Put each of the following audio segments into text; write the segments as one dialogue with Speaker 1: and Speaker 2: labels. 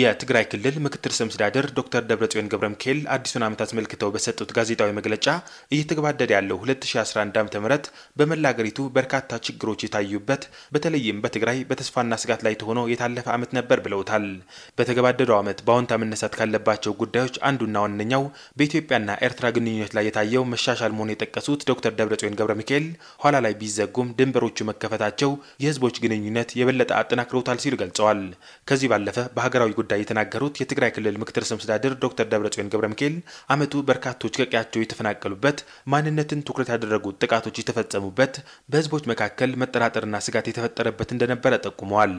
Speaker 1: የትግራይ ክልል ምክትል ርዕሰ መስተዳድር ዶክተር ደብረጽዮን ገብረ ሚካኤል አዲሱን ዓመት አስመልክተው በሰጡት ጋዜጣዊ መግለጫ እየተገባደደ ያለው 2011 ዓ ም በመላ አገሪቱ በርካታ ችግሮች የታዩበት በተለይም በትግራይ በተስፋና ስጋት ላይ ተሆኖ የታለፈ ዓመት ነበር ብለውታል። በተገባደደው ዓመት በአዎንታ መነሳት ካለባቸው ጉዳዮች አንዱና ዋነኛው በኢትዮጵያና ኤርትራ ግንኙነት ላይ የታየው መሻሻል መሆኑን የጠቀሱት ዶክተር ደብረጽዮን ገብረ ሚካኤል ኋላ ላይ ቢዘጉም ድንበሮቹ መከፈታቸው የህዝቦች ግንኙነት የበለጠ አጠናክረውታል ሲሉ ገልጸዋል። ከዚህ ባለፈ በሀገራዊ ጉዳይ የተናገሩት የትግራይ ክልል ምክትል ርዕሰ መስተዳድር ዶክተር ደብረጽዮን ገብረ ሚካኤል አመቱ በርካቶች ከቀያቸው የተፈናቀሉበት፣ ማንነትን ትኩረት ያደረጉት ጥቃቶች የተፈጸሙበት፣ በህዝቦች መካከል መጠራጠርና ስጋት የተፈጠረበት እንደነበረ ጠቁመዋል።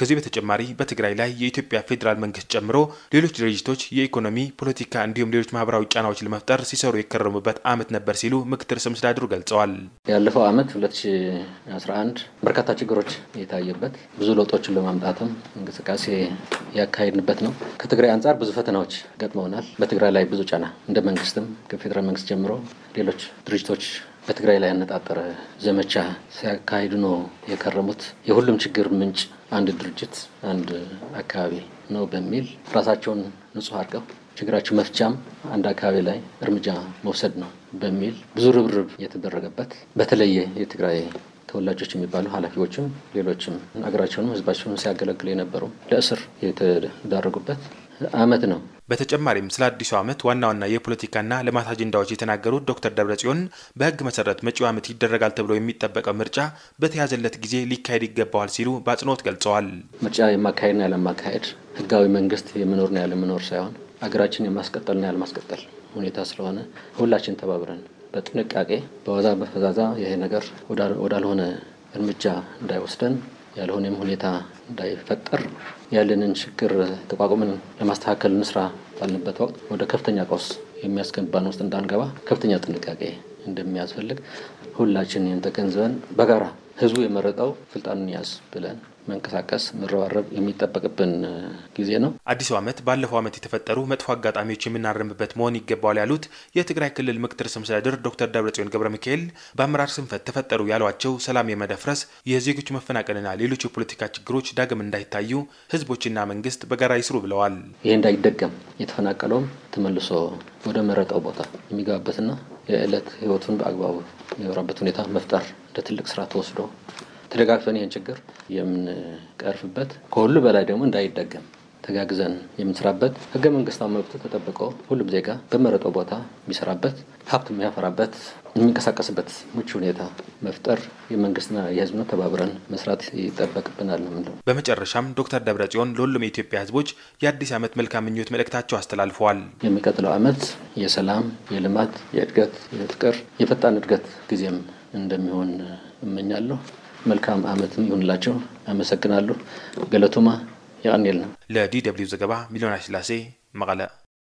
Speaker 1: ከዚህ በተጨማሪ በትግራይ ላይ የኢትዮጵያ ፌዴራል መንግስት ጨምሮ ሌሎች ድርጅቶች የኢኮኖሚ ፖለቲካ፣ እንዲሁም ሌሎች ማህበራዊ ጫናዎች ለመፍጠር ሲሰሩ የከረሙበት አመት ነበር ሲሉ ምክትል ርዕሰ መስተዳድሩ ገልጸዋል። ያለፈው አመት
Speaker 2: 2011 በርካታ ችግሮች የታየበት ብዙ ለውጦችን ለማምጣትም እንቅስቃሴ ያካሄ ያካሄድንበት ነው። ከትግራይ አንጻር ብዙ ፈተናዎች ገጥመውናል። በትግራይ ላይ ብዙ ጫና እንደ መንግስትም ከፌዴራል መንግስት ጀምሮ ሌሎች ድርጅቶች በትግራይ ላይ ያነጣጠረ ዘመቻ ሲያካሂዱ ነው የከረሙት። የሁሉም ችግር ምንጭ አንድ ድርጅት አንድ አካባቢ ነው በሚል ራሳቸውን ንጹህ አድርገው ችግራቸው መፍቻም አንድ አካባቢ ላይ እርምጃ መውሰድ ነው በሚል ብዙ ርብርብ የተደረገበት በተለየ የትግራይ ተወላጆች የሚባሉ ኃላፊዎችም ሌሎችም አገራቸውንም ህዝባቸውን ሲያገለግሉ የነበሩ ለእስር የተዳረጉበት አመት ነው።
Speaker 1: በተጨማሪም ስለ አዲሱ ዓመት ዋና ዋና የፖለቲካና ልማት አጀንዳዎች የተናገሩት ዶክተር ደብረጽዮን በህግ መሰረት መጪው ዓመት ይደረጋል ተብሎ የሚጠበቀው ምርጫ በተያዘለት ጊዜ ሊካሄድ ይገባዋል ሲሉ በአጽንኦት ገልጸዋል።
Speaker 2: ምርጫ የማካሄድና ያለማካሄድ ህጋዊ መንግስት የመኖርና ያለመኖር ሳይሆን አገራችን የማስቀጠልና ያለማስቀጠል ሁኔታ ስለሆነ ሁላችን ተባብረን በጥንቃቄ በዋዛ በፈዛዛ ይሄ ነገር ወዳልሆነ እርምጃ እንዳይወስደን ያልሆነም ሁኔታ እንዳይፈጠር ያለንን ችግር ተቋቁመን ለማስተካከል እንስራ ባልንበት ወቅት ወደ ከፍተኛ ቀውስ የሚያስገባን ውስጥ እንዳንገባ ከፍተኛ ጥንቃቄ እንደሚያስፈልግ ሁላችን ተገንዝበን በጋራ ህዝቡ የመረጠው ስልጣኑን ያዝ ብለን መንቀሳቀስ መረባረብ የሚጠበቅብን ጊዜ ነው።
Speaker 1: አዲሱ ዓመት ባለፈው ዓመት የተፈጠሩ መጥፎ አጋጣሚዎች የምናረምበት መሆን ይገባዋል ያሉት የትግራይ ክልል ምክትል ርዕሰ መስተዳድር ዶክተር ደብረጽዮን ገብረ ሚካኤል በአመራር ስንፈት ተፈጠሩ ያሏቸው ሰላም የመደፍረስ፣ የዜጎች መፈናቀልና ሌሎች የፖለቲካ ችግሮች ዳግም እንዳይታዩ ህዝቦችና መንግስት በጋራ ይስሩ ብለዋል።
Speaker 2: ይህ እንዳይደገም የተፈናቀለውም ተመልሶ ወደ መረጠው ቦታ የሚገባበትና የዕለት ህይወቱን በአግባቡ የሚኖራበት ሁኔታ መፍጠር እንደ ትልቅ ስራ ተወስዶ ተደጋግፈን ይህን ችግር የምንቀርፍበት ከሁሉ በላይ ደግሞ እንዳይደገም ተጋግዘን የምንሰራበት ህገ መንግስታዊ መብት ተጠብቆ ሁሉም ዜጋ በመረጠው ቦታ የሚሰራበት ሀብት የሚያፈራበት የሚንቀሳቀስበት ምቹ ሁኔታ መፍጠር የመንግስትና የህዝብነት ተባብረን መስራት ይጠበቅብናል ነው ምንለው።
Speaker 1: በመጨረሻም ዶክተር ጽዮን ለሁሉም የኢትዮጵያ ህዝቦች የአዲስ ዓመት መልካም ምኞት መልእክታቸው አስተላልፈዋል።
Speaker 2: የሚቀጥለው ዓመት
Speaker 1: የሰላም፣ የልማት፣
Speaker 2: የእድገት፣ የፍቅር፣ የፈጣን እድገት ጊዜም እንደሚሆን እመኛለሁ። መልካም ዓመትም ይሁንላቸው። አመሰግናለሁ። ገለቱማ ይቀኒልና
Speaker 1: ለዲ ደብልዩ ዘገባ ሚሊዮን ስላሴ መቀለ።